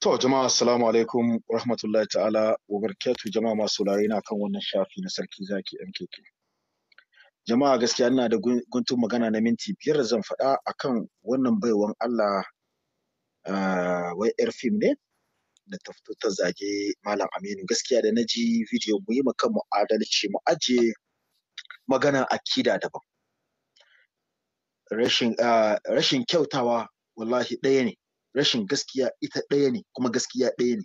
To jama'a assalamu alaikum rahmatullahi ta'ala wa barakatuh jama'a masu na kan wannan shafi na sarki zaki MKK. Jama'a gaskiya ina da guntun magana na minti biyar zan faɗa akan wannan baiwan Allah ah, wai yar fim ne da ta ta zage Malam Aminu gaskiya da naji video mu yi kan mu adalci mu aje magana akida daban. Rashin ah, rashin kyautawa wallahi ɗaya ne. rashin gaskiya ita ɗaya ne kuma gaskiya ɗaya ne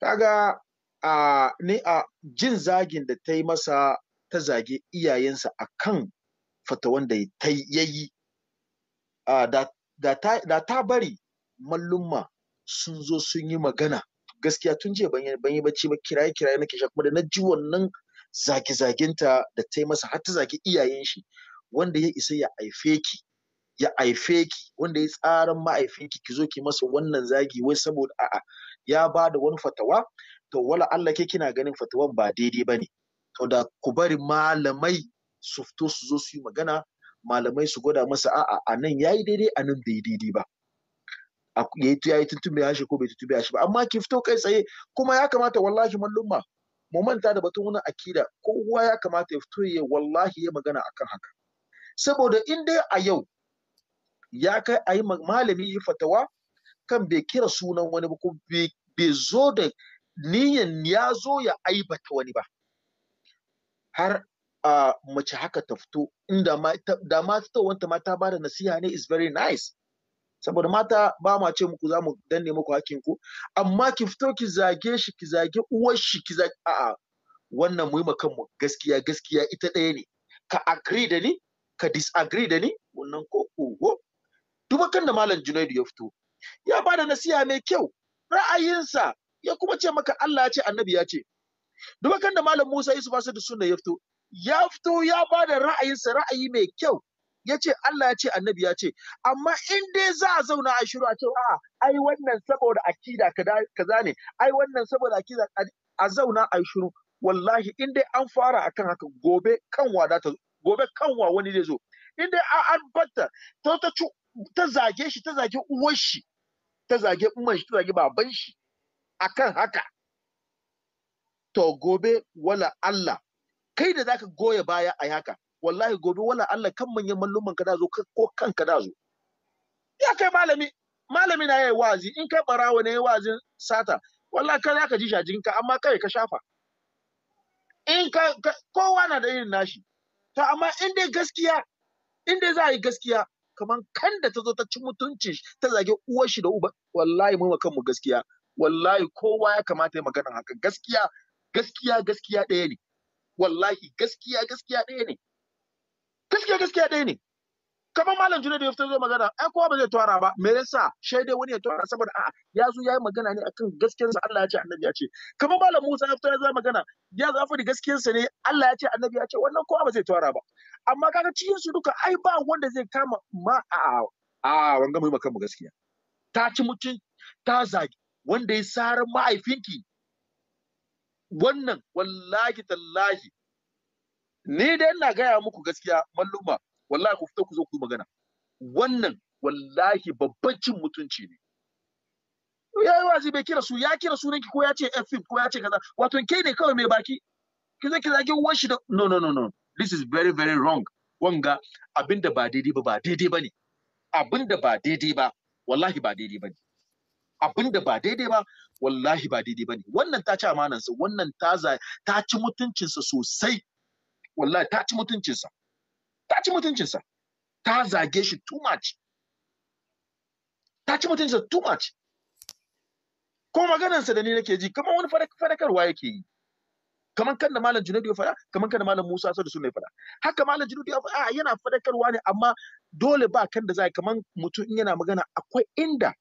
kaga a ne a jin zagin da ta yi masa ta zage iyayensa a kan fatawan da ta yayi da ta bari mallumma sun zo sun yi magana gaskiya tun jiya ban yi bacci ba kiraye kiraye na sha kuma da na ji wannan zage-zagenta da ta yi masa har ta zage iyayen shi wanda ya isa ya haife ki ya aife ki wanda ya tsaran ma'aifinki ki zo ki masa wannan zagi wai saboda a'a ya ba da wani fatawa to wala Allah ke kina ganin fatawan ba daidai ba ne to da ku bari malamai su fito su zo su yi magana malamai su gwada masa a'a a nan ya yi daidai a nan bai daidai ba ya yi ya hashi ko bai tuntube shi ba amma ki fito kai tsaye kuma ya kamata wallahi mallumma mu manta da batun wani akida kowa ya kamata ya fito ya wallahi ya magana akan haka saboda in dai a yau ya kai a yi malami yi fatawa kan bai kira sunan wani ba ko bai zo da niyan ya zo ya aibata wani ba har a mace haka ta fito inda da ma wanta ma ta bada nasiha ne is very nice saboda mata ba ma ce muku za mu danne muku hakkin ku amma ki fito ki zage shi ki zage uwar shi ki zage a'a wannan mu yi ma kanmu gaskiya gaskiya ita ɗaya ne ka agree da ni ka disagree da ni wannan ko ko duba kan da malam junaidu ya fito ya ba nasiha mai kyau ra'ayinsa ya kuma ce maka Allah ya ce annabi ya ce duba kan da malam musa yusuf asadu sunna ya fito ya fito ya bada ra'ayinsa ra'ayi mai kyau ya ce Allah ya ce annabi ya ce amma in dai za a zauna a shiru a ce a ai wannan saboda akida kaza ne ai wannan saboda akida a zauna a shiru wallahi in dai an fara akan haka gobe kanwa da gobe kanwa wani zai zo in dai an batta ta ta ta zage shi ta zage uwar shi ta zage umman shi ta zage baban shi akan haka to gobe wala Allah kai da zaka goya baya a haka wallahi gobe wala Allah kan manyan malluman ka da zo ko kanka da zo ya kai malami malami na yayi wazi in kai barawo ne yayi wazin sata wallahi kai zaka ji shajin ka amma kai ka shafa in ka kowa na da irin nashi to amma in dai gaskiya in dai za a yi gaskiya kamar kan da ta zo ta ci mutunci ta zage uwar shi da uba wallahi mu kanmu gaskiya wallahi kowa ya kamata ya magana haka gaskiya gaskiya gaskiya ɗaya ne wallahi gaskiya gaskiya ɗaya ne gaskiya gaskiya ɗaya ne kamar malam juna da ya fito zai magana ai kowa ba zai tura ba me yasa shai dai wani ya tura saboda a'a ya zo yayi magana ne akan gaskiyarsa Allah ya ce annabi ya ce kamar malam Musa ya fito ya zo magana ya zo faɗi gaskiyarsa ne Allah ya ce annabi ya ce wannan kowa ba zai tura ba amma kaga cikin su duka ai ba wanda zai kama ma a'a a wanga mu kanmu gaskiya ta ci mutum ta zagi wanda ya sarar mahaifinki wannan wallahi tallahi ni dai ina gaya muku gaskiya malluma wallahi ku fito ku zo ku magana wannan wallahi babban cin mutunci ne ya yi wazi bai kira su ya kira sunanki ko ya ce fm ko ya ce kaza wato kai ne kawai mai baki ki ki zage uwan shi da no no no no this is very very wrong wanga abinda ba daidai ba ba daidai bane abinda ba daidai ba wallahi ba daidai bane abinda ba daidai ba wallahi ba daidai bane wannan ta ci amanansa wannan ta ta ci mutuncinsa sosai wallahi ta ci mutuncinsa ci mutuncinsa ta zage shi too much ta ci mutuncinsa too much ko maganarsa da ni nake ji kamar wani fadakarwa yake yi kamar kan da malam Junaidu ya faɗa kamar kan da malam Musa Sadu Sunna ya faɗa haka malam Junaidu ya faɗa yana fadakarwa ne amma dole ba kan da za kamar mutum in yana magana akwai inda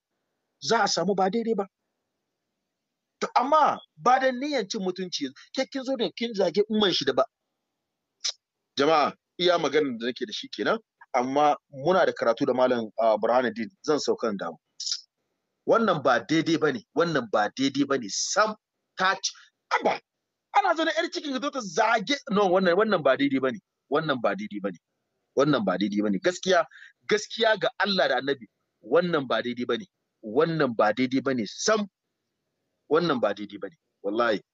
za a samu ba daidai ba to amma ba da niyyar cin mutunci ke kin zo ne kin zage umman shi da ba jama'a iya maganar da nake da shi kenan amma muna da karatu da malam ah, burhanuddin zan saukan damu wannan ba daidai ba ne wannan ba daidai ba ne sam ta ci aba ana zo na yar cikin ta zage no wannan wannan ba daidai ba ne wannan ba daidai ba ne wannan ba daidai ba ne gaskiya gaskiya ga Allah da annabi wannan ba daidai ba ne wannan ba daidai ba ne sam wannan ba daidai ba ne wallahi